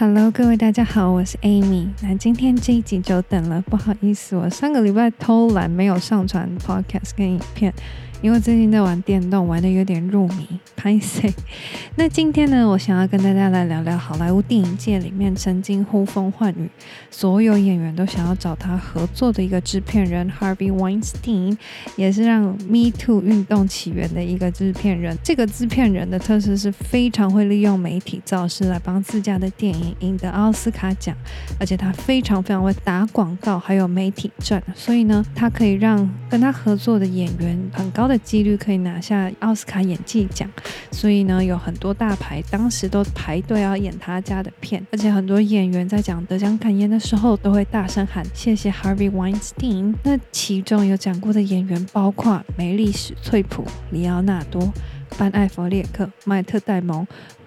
Hello，各位大家好，我是 Amy。那今天這一集久等了，不好意思，我上個禮拜偷懶沒有上傳 Podcast 跟影片。因為最近在玩電動，玩的有點入迷，拍攝。那今天呢，我想要跟大家來聊聊好萊塢電影界裡面曾經呼風喚雨、所有演員都想要找他合作的一個製片人 Harvey Weinstein，也是讓 Me Too 運動起源的一個製片人。這個製片人的特色是非常會利用媒體造勢來幫自家的電影贏得奧斯卡獎，而且他非常非常會打廣告，還有媒體戰，所以呢，他可以讓跟他合作的演員很高的幾率可以拿下奧斯卡演技獎，所以呢，有很多大牌當時都排隊要演他家的片，而且很多演員在講得獎感言的時候都會大聲喊謝謝 Harvey Weinstein。那其中有講過的演員包括梅麗史翠普、里奧納多、班艾佛列克、邁特戴蒙、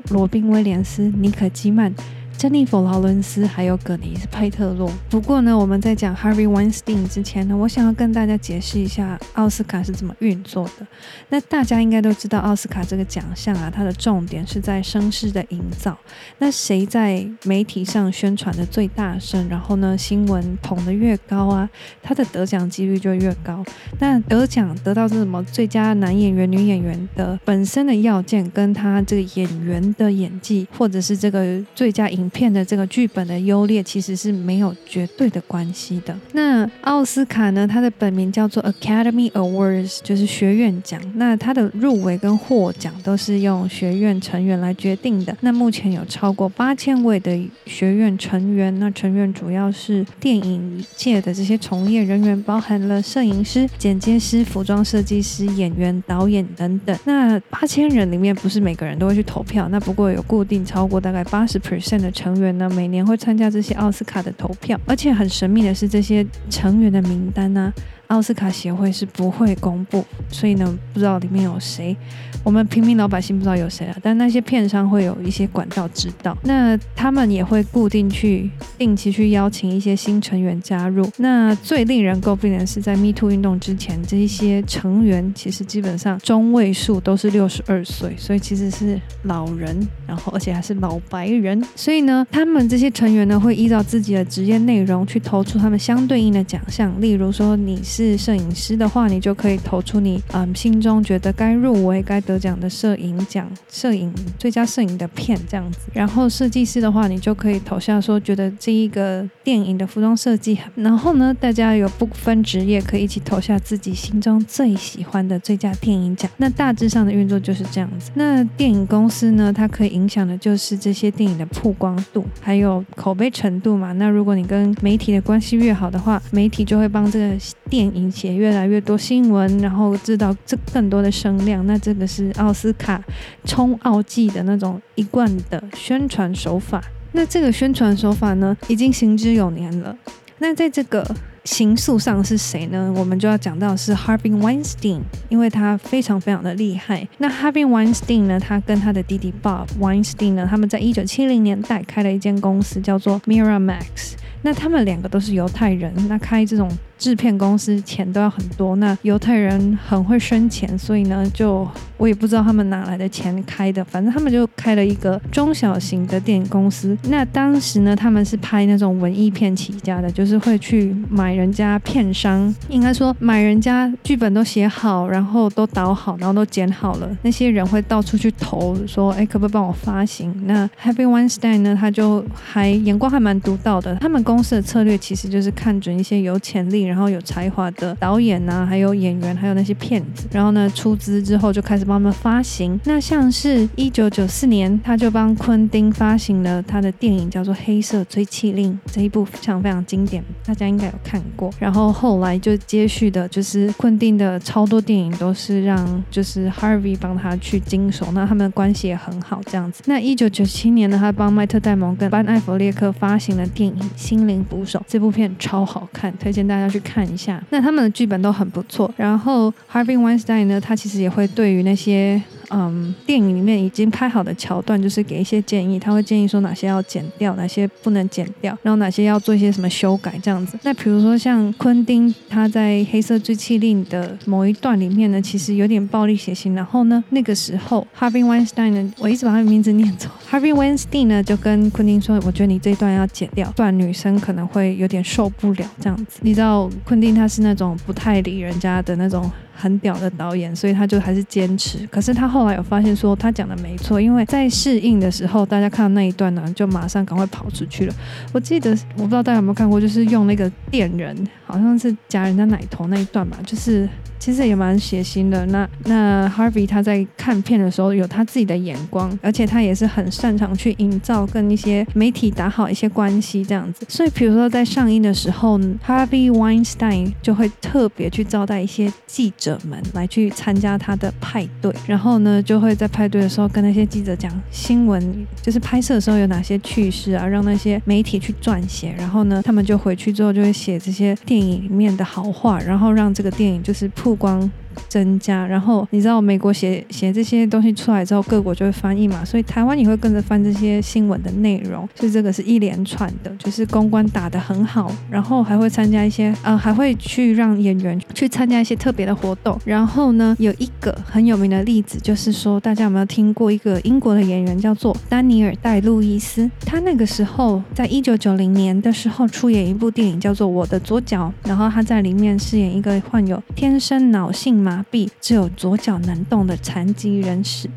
羅賓威廉斯、尼可基曼。詹妮弗·勞倫斯還有格尼斯·佩特洛。不過呢，我們在講 Harvey Weinstein 之前呢，我想要跟大家解釋一下奧斯卡是怎麼運作的。那大家應該都知道奧斯卡這個獎項啊，它的重點是在聲勢的營造。那誰在媒體上宣傳的最大聲，然後呢，新聞捧得越高啊，他的得獎幾率就越高。那得獎得到是什麼最佳男演員、女演員的本身的要件，跟他這個演員的演技，或者是這個最佳影片的這個劇本的優劣其實是沒有絕對的關係的。那奧斯卡呢，它的本名叫做 Academy Awards，就是學院獎。那它的入圍跟獲獎都是用學院成員來決定的。那目前有超過八千位的學院成員，那成員主要是電影界的這些從業人員，包含了攝影師、剪接師、服裝設計師、演員、導演等等。那八千人裡面不是每個人都會去投票，那不過有固定超過大概八十 percent 的成員。成員呢，每年會參加這些奧斯卡的投票，而且很神秘的是，這些成員的名單呢、啊。奧斯卡協會是不會公布，所以呢，不知道裡面有誰。我們平民老百姓不知道有誰啊，但那些片商會有一些管道知道。那他們也會固定去，定期去邀請一些新成員加入。那最令人詬病的是，在 Me Too 運動之前，這一些成員其實基本上中位數都是六十二歲，所以其實是老人，然後而且還是老白人。所以呢，他們這些成員呢，會依照自己的職業內容去投出他們相對應的獎項。例如說，你是。是攝影師的話，你就可以投出你嗯心中覺得該入圍、該得獎的攝影獎、攝影最佳攝影的片這樣子。然後設計師的話，你就可以投下說覺得這一個電影的服裝設計很。然後呢，大家有不分職業，可以一起投下自己心中最喜歡的最佳電影獎。那大致上的運作就是這樣子。那電影公司呢，它可以影響的就是這些電影的曝光度，還有口碑程度嘛。那如果你跟媒體的關係越好的話，媒體就會幫這個。電影寫越來越多新聞，然後製造這更多的聲量。那這個是奧斯卡衝奧季的那種一貫的宣傳手法。那這個宣傳手法呢，已經行之有年了。那在這個行數上是誰呢？我們就要講到是 Harvey Weinstein，因為他非常非常的厲害。那 Harvey Weinstein 呢，他跟他的弟弟 Bob Weinstein 呢，他們在一九七零年代開了一間公司叫做 Miramax。那他們兩個都是猶太人，那開這種。製片公司錢都要很多，那猶太人很會生錢，所以呢，就我也不知道他們哪來的錢開的，反正他們就開了一個中小型的電影公司。那當時呢，他們是拍那種文藝片起家的，就是會去買人家片商，應該說買人家劇本都寫好，然後都導好，然後都剪好了，那些人會到處去投，說哎，可不可以幫我發行？那 Harvey Weinstein 呢，他就還眼光還蠻獨到的，他們公司的策略其實就是看準一些有潛力。然後有才華的導演吶、啊，還有演員，還有那些騙子。然後呢，出資之後就開始幫他們發行。那像是一九九四年，他就幫昆汀發行了他的電影，叫做《黑色追緝令》，這一部非常非常經典，大家應該有看過。然後後來就接續的就是昆汀的超多電影都是讓就是 Harvey 幫他去經手，那他們的關係也很好這樣子。那一九九七年呢，他幫麥特戴蒙跟班艾弗列克發行了電影《心靈捕手》，這部片超好看，推薦大家去看一下，那他們的劇本都很不錯。然後，Harvey Weinstein 呢，他其實也會對於那些。嗯，電影裡面已經拍好的橋段，就是給一些建議。他會建議說哪些要剪掉，哪些不能剪掉，然後哪些要做一些什麼修改這樣子。那比如說像昆汀，他在《黑色追緝令》的某一段裡面呢，其實有點暴力血腥。然後呢，那個時候 Harvey Weinstein 呢，我一直把他的名字念錯。Harvey Weinstein 呢，就跟昆汀說，我覺得你這一段要剪掉，不然女生可能會有點受不了這樣子。你知道昆汀他是那種不太理人家的那種。很屌的導演，所以他就還是堅持。可是他後來有發現說，他講的沒錯，因為在試映的時候，大家看到那一段呢，就馬上趕快跑出去了。我記得，我不知道大家有沒有看過，就是用那個電人，好像是夾人家奶頭那一段吧，就是。其實也蠻血腥的。那那 Harvey 他在看片的時候有他自己的眼光，而且他也是很擅長去營造跟一些媒體打好一些關係這樣子。所以比如說在上映的時候，Harvey Weinstein 就會特別去招待一些記者們來去參加他的派對，然後呢就會在派對的時候跟那些記者講新聞，就是拍攝的時候有哪些趣事啊，讓那些媒體去撰寫。然後呢他們就回去之後就會寫這些電影裡面的好話，然後讓這個電影就是鋪。不光。增加，然後你知道美國寫寫這些東西出來之後，各國就會翻譯嘛，所以台灣也會跟着翻這些新聞的內容，所以這個是一連串的，就是公關打得很好，然後還會參加一些，呃，還會去讓演員去參加一些特別的活動。然後呢，有一個很有名的例子，就是說大家有沒有聽過一個英國的演員叫做丹尼爾·戴路易斯？他那個時候在一九九零年的時候出演一部電影叫做《我的左腳》，然後他在裡面飾演一個患有天生腦性。麻痹，只有左腳能動的殘疾人士。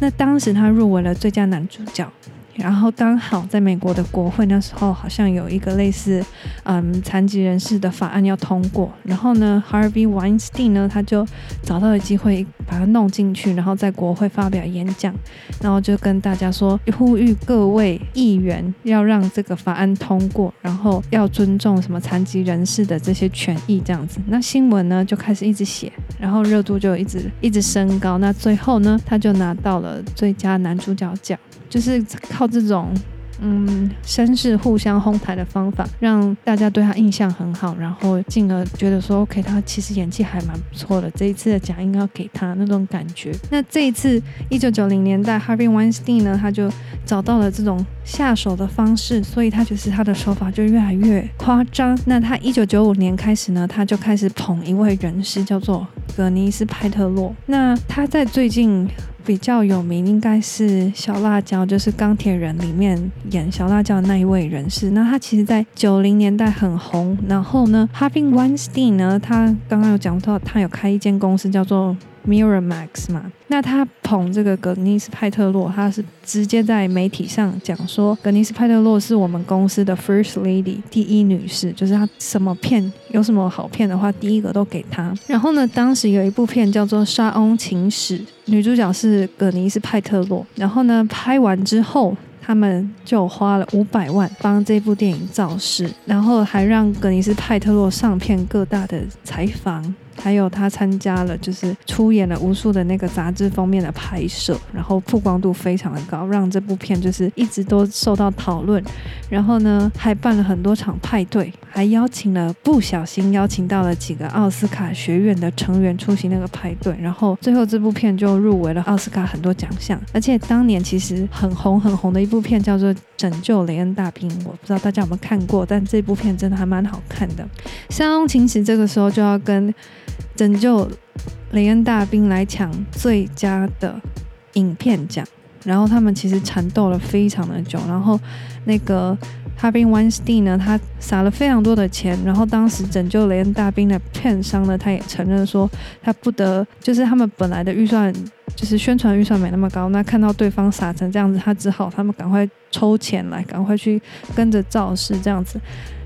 那當時他入圍了最佳男主角。然後剛好在美國的國會，那時候好像有一個類似，嗯，殘疾人士的法案要通過。然後呢，Harvey Weinstein 呢，他就找到了機會把它弄進去，然後在國會發表演講，然後就跟大家說，呼籲各位議員要讓這個法案通過，然後要尊重什麼殘疾人士的這些權益這樣子。那新聞呢就開始一直寫，然後熱度就一直一直升高。那最後呢，他就拿到了最佳男主角獎。就是靠這種，嗯，紳士互相哄抬的方法，讓大家對他印象很好，然後進而覺得說，OK，他其實演技還蠻不錯的，這一次的獎應該要給他那種感覺。那這一次，一九九零年代，Harvey Weinstein 呢，他就找到了這種下手的方式，所以他就是他的手法就越來越誇張。那他一九九五年開始呢，他就開始捧一位人士，叫做格尼斯派特洛。那他在最近。比較有名應該是小辣椒，就是鋼鐵人裡面演小辣椒的那一位人士。那他其實，在九零年代很紅。然後呢，Harvey Weinstein 呢，他剛剛有講到，他有開一間公司，叫做。Miramax 嘛，那他捧這個格尼斯派特洛，他是直接在媒體上講說，格尼斯派特洛是我們公司的 First Lady，第一女士，就是他什麼片有什麼好片的話，第一個都給他。然後呢，當時有一部片叫做《莎翁情史》，女主角是格尼斯派特洛。然後呢，拍完之後，他們就花了五百萬幫這部電影造勢，然後還讓格尼斯派特洛上片各大的採訪。還有他參加了，就是出演了無數的那個雜誌封面的拍攝，然後曝光度非常的高，讓這部片就是一直都受到討論。然後呢，還辦了很多場派對，還邀請了不小心邀請到了幾個奧斯卡學院的成員出席那個派對。然後最後這部片就入圍了奧斯卡很多獎項。而且當年其實很紅很紅的一部片叫做《拯救雷恩大兵》，我不知道大家有沒有看過，但這部片真的還蠻好看的。《莎翁情史》這個時候就要跟。拯救雷恩大兵來搶最佳的影片獎，然後他們其實纏鬥了非常的久，然後那個哈維溫斯坦呢，他撒了非常多的錢，然後當時拯救雷恩大兵的片商呢，他也承認說他不得，就是他們本來的預算就是宣傳預算沒那麼高，那看到對方撒成這樣子，他只好他們趕快抽錢來，趕快去跟着造勢這樣子。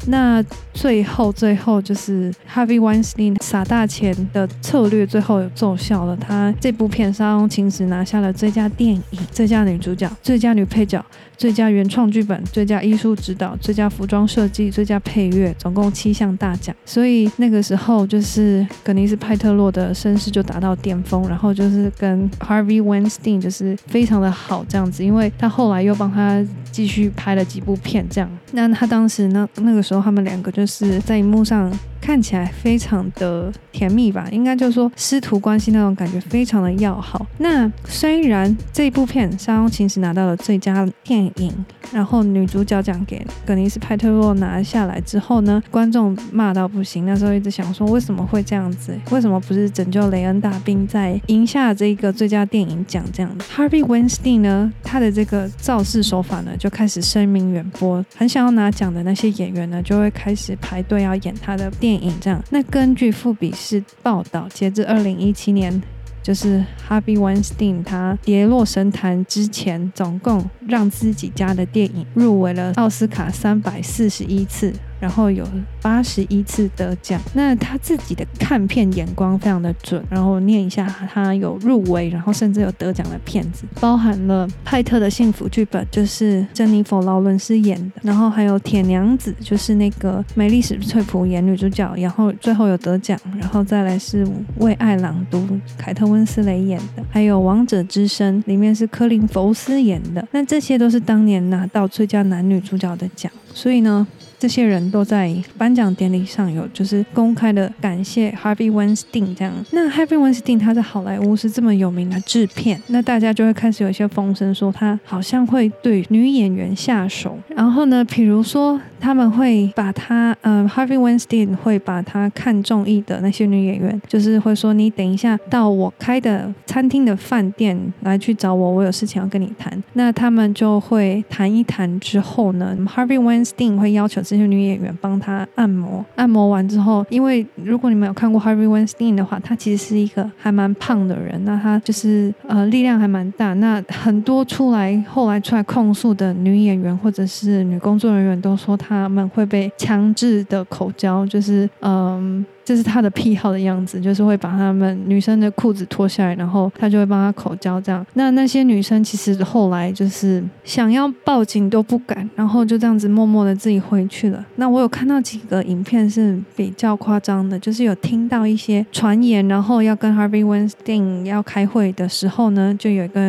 那最後，最後就是 Harvey Weinstein 撒大錢的策略最後奏效了。他這部片《莎翁情史》拿下了最佳電影、最佳女主角、最佳女配角、最佳原創劇本、最佳藝術指導、最佳服裝設計、最佳配樂，總共七項大獎。所以那個時候，就是葛妮絲·派特洛的聲勢就達到巔峰，然後就是跟 Harvey Weinstein 就是非常的好這樣子，因為他後來又幫他。繼續拍了幾部片，這樣。那他當時呢，那個時候，他們兩個就是在熒幕上。看起來非常的甜蜜吧，應該就是說師徒關係那種感覺非常的要好。那雖然這一部片莎翁情史拿到了最佳電影，然後女主角獎給葛妮絲派特洛拿下來之後呢，觀眾罵到不行。那時候一直想說為什麼會這樣子？為什麼不是拯救雷恩大兵在贏下這個最佳電影獎這樣？Harvey Weinstein 呢，他的這個造勢手法呢，就開始聲名遠播，很想要拿獎的那些演員呢，就會開始排隊要演他的電影。影這樣，那根據《富比士》報道，截至二零一七年，就是哈維溫斯坦，他跌落神壇之前，總共讓自己家的電影入圍了奧斯卡三百四十一次。然後有八十一次得獎，那他自己的看片眼光非常的準。然後念一下，他有入圍，然後甚至有得獎的片子，包含了《派特的幸福劇本》，就是珍妮佛勞倫斯演的；然後還有《鐵娘子》，就是那個梅莉史翠普演女主角；然後最後有得獎，然後再來是《為愛朗讀》，凱特溫斯雷演的；還有《王者之聲》，裡面是柯林福斯演的。那這些都是當年拿到最佳男女主角的獎，所以呢。這些人都在頒獎典禮上有就是公開的感謝 Harvey Weinstein 這樣。那 Harvey Weinstein 他在好萊塢是這麼有名的制片，那大家就會開始有一些風聲說他好像會對女演員下手。然後呢，比如說他們會把他，呃，嗯，Harvey Weinstein 會把他看中意的那些女演員，就是會說你等一下到我開的餐廳的飯店來去找我，我有事情要跟你談。那他們就會談一談之後呢，Harvey Weinstein 會要求。這些女演員幫他按摩，按摩完之後，因為如果你們有看過 Harvey Weinstein 的話，他其實是一個還蠻胖的人，那他就是呃力量還蠻大。那很多出來後來出來控訴的女演員或者是女工作人員都說，他們會被強制的口交，就是嗯。呃這是他的癖好的樣子，就是會把他們女生的褲子脫下來，然後他就會幫她口交這樣。那那些女生其實後來就是想要報警都不敢，然後就這樣子默默的自己回去了。那我有看到幾個影片是比較誇張的，就是有聽到一些傳言，然後要跟 Harvey Weinstein 要開會的時候呢，就有一個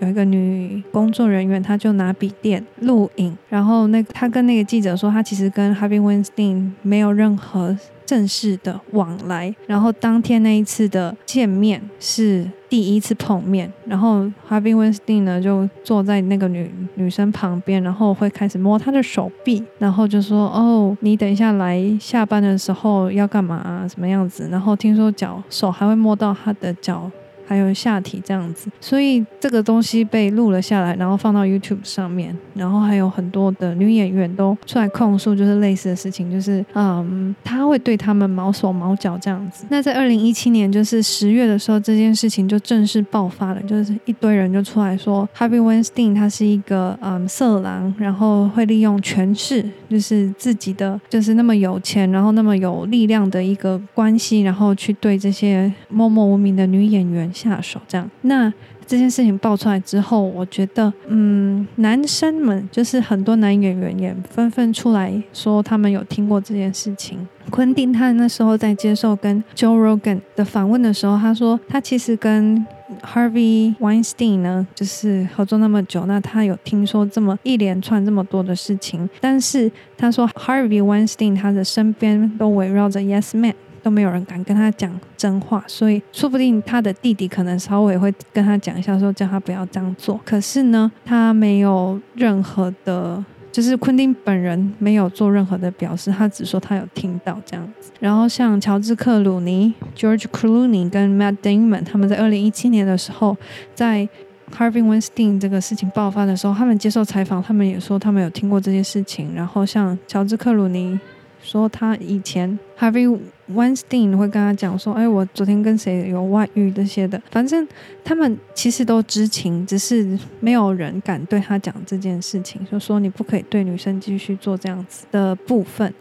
有一個女工作人員，她就拿筆電錄影，然後那她跟那個記者說，她其實跟 Harvey Weinstein 沒有任何。正式的往來，然後當天那一次的見面是第一次碰面，然後哈維溫斯坦呢就坐在那個女女生旁邊，然後會開始摸她的手臂，然後就說哦，你等一下來下班的時候要幹嘛啊，什麼樣子，然後聽說腳手還會摸到她的腳。還有下體這樣子，所以這個東西被錄了下來，然後放到 YouTube 上面，然後還有很多的女演員都出來控訴，就是類似的事情，就是嗯，他會對他們毛手毛腳這樣子。那在二零一七年就是十月的時候，這件事情就正式爆發了，就是一堆人就出來說，哈維溫斯坦他是一個嗯色狼，然後會利用權勢，就是自己的就是那麼有錢，然後那麼有力量的一個關係，然後去對這些默默無名的女演員。下手這樣，那這件事情爆出來之後，我覺得，嗯，男生們就是很多男演員也紛紛出來說他們有聽過這件事情。昆汀他那時候在接受跟 Joe Rogan 的訪問的時候，他說他其實跟 Harvey Weinstein 呢，就是合作那麼久，那他有聽說這麼一連串這麼多的事情，但是他說 Harvey Weinstein 他的身邊都圍繞着 Yes Man。都沒有人敢跟他講真話，所以說不定他的弟弟可能稍微會跟他講一下，說叫他不要這樣做。可是呢，他沒有任何的，就是昆汀本人沒有做任何的表示，他只說他有聽到這樣子。然後像喬治克魯尼 （George Clooney） 跟 Matt Damon，他們在二零一七年的時候，在 Harvey Weinstein 這個事情爆發的時候，他們接受採訪，他們也說他們有聽過這件事情。然後像喬治克魯尼。說他以前 Harvey Weinstein 會跟他講說：“哎，我昨天跟誰有外遇這些的。”反正他們其實都知情，只是沒有人敢對他講這件事情，就說你不可以對女生繼續做這樣子的部分，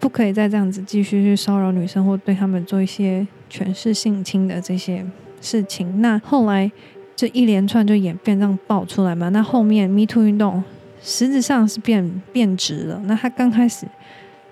不可以再這樣子繼續去騷擾女生，或對他們做一些權勢性侵的這些事情。那後來這一連串就演變，這樣爆出來嘛。那後面 Me Too 運動，實質上是變變質了。那他剛開始。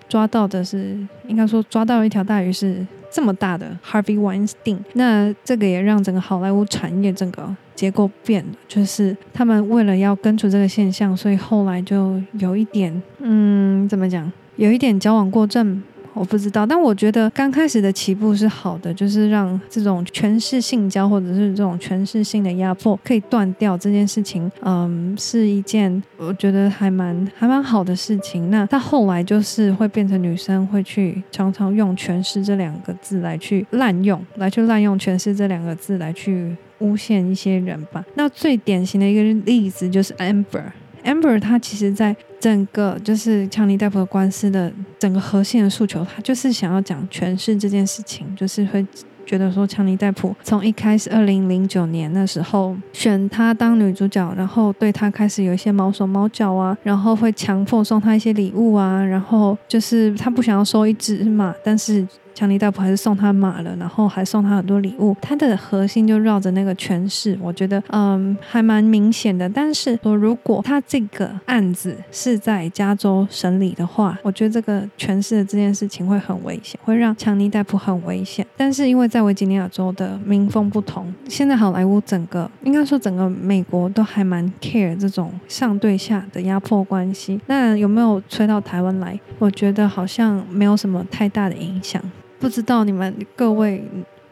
抓到的是，應該說抓到一條大魚，是這麼大的 Harvey Weinstein。那這個也讓整個好萊塢產業整個結構變了，就是他們為了要根除這個現象，所以後來就有一點，嗯，怎麼講，有一點矯枉過正。我不知道，但我覺得剛開始的起步是好的，就是讓這種權勢性交或者是這種權勢性的壓迫可以斷掉這件事情，嗯，是一件我覺得還蠻還蠻好的事情。那他後來就是會變成女生會去常常用“權勢”這兩個字來去濫用來去濫用“權勢”這兩個字來去誣陷一些人吧。那最典型的一個例子就是 Amber Amber，他其實在整個就是強尼戴普的官司的整個核心的訴求，他就是想要講詮釋這件事情，就是會覺得說強尼戴普從一開始二零零九年的時候選他當女主角，然後對他開始有一些毛手毛腳啊，然後會強迫送他一些禮物啊，然後就是他不想要收一隻嘛，但是。強尼戴普還是送他馬了，然後還送他很多禮物。他的核心就繞着那個權勢，我覺得嗯還蠻明顯的。但是說如果他這個案子是在加州審理的話，我覺得這個權勢的這件事情會很危險，會讓強尼戴普很危險。但是因為在維吉尼亞州的民風不同，現在好萊塢整個應該說整個美國都還蠻 care 這種上對下的壓迫關係。那有沒有吹到台灣來？我覺得好像沒有什麼太大的影響。不知道你們各位，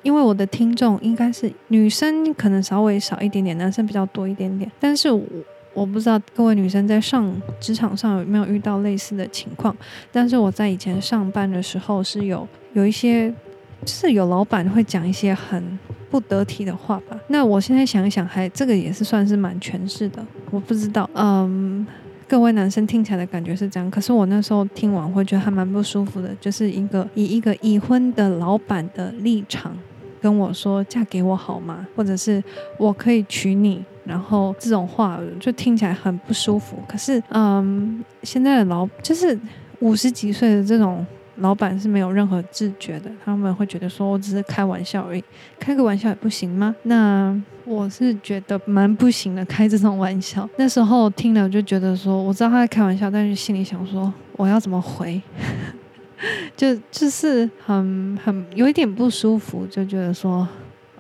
因為我的聽眾應該是女生可能稍微少一點點，男生比較多一點點。但是我，我我不知道各位女生在上職場上有沒有遇到類似的情況。但是我在以前上班的時候是有有一些，就是有老闆會講一些很不得體的話吧。那我現在想一想還，還這個也是算是蠻權勢的。我不知道，嗯。各位男生聽起來的感覺是這樣，可是我那時候聽完會覺得還蠻不舒服的，就是一個以一個已婚的老板的立場跟我說“嫁給我好嗎”或者是我可以娶你，然後這種話就聽起來很不舒服。可是，嗯，現在的老就是五十幾歲的這種。老闆是沒有任何自覺的，他們會覺得說我只是開玩笑而已，開個玩笑也不行嗎？那我是覺得蠻不行的，開這種玩笑。那時候聽了就覺得說，我知道他在開玩笑，但是心裡想說我要怎麼回， 就就是很很有一點不舒服，就覺得說。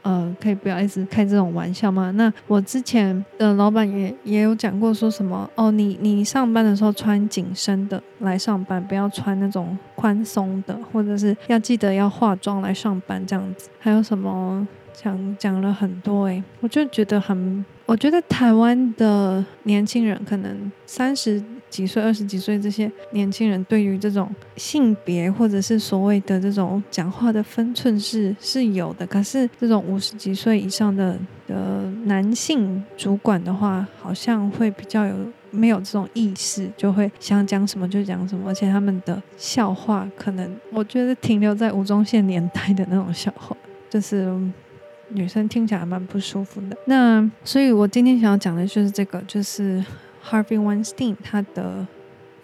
呃，可以不要一直開這種玩笑嗎？那我之前的老板也也有講過，說什麼哦，你你上班的時候穿緊身的來上班，不要穿那種寬鬆的，或者是要記得要化妝來上班這樣子。還有什麼，講講了很多、欸，誒，我就覺得很，我覺得台灣的年輕人可能三十。幾歲、二十幾歲這些年輕人，對於這種性別或者是所謂的這種講話的分寸是是有的。可是，這種五十幾歲以上的呃男性主管的話，好像會比較有沒有這種意識，就會想講什麼就講什麼。而且，他們的笑話可能我覺得停留在吳宗憲年代的那種笑話，就是女生聽起來蠻不舒服的。那所以，我今天想要講的就是這個，就是。Harvey Weinstein，他的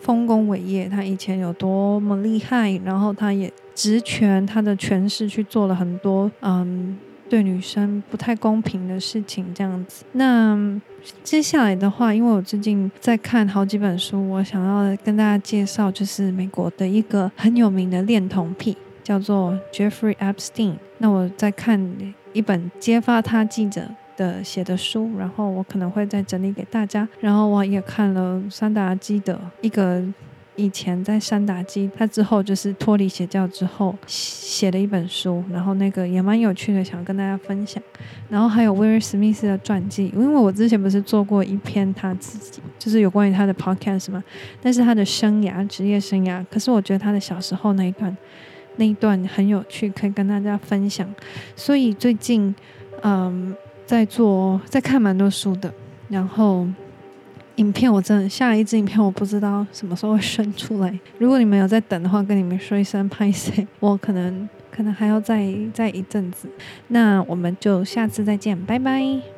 豐功偉業，他以前有多麼厲害，然後他也職權、他的權勢去做了很多嗯對女生不太公平的事情，這樣子。那接下來的話，因為我最近在看好幾本書，我想要跟大家介紹，就是美國的一個很有名的戀童癖，叫做 Jeffrey Epstein。那我在看一本揭發他記者。的寫的書，然後我可能會再整理給大家。然後我也看了山達基的一個以前在山達基，他之後就是脫離邪教之後寫的一本書，然後那個也蠻有趣的，想跟大家分享。然後還有威爾史密斯的傳記，因為我之前不是做過一篇他自己就是有關於他的 podcast 嘛，但是他的生涯、職業生涯，可是我覺得他的小時候那一段那一段很有趣，可以跟大家分享。所以最近，嗯。在做，在看蠻多書的，然後影片，我真的下一支影片我不知道什麼時候會生出來。如果你們有在等的話，跟你們說一聲，拍攝，我可能可能還要再再一陣子。那我們就下次再見，拜拜。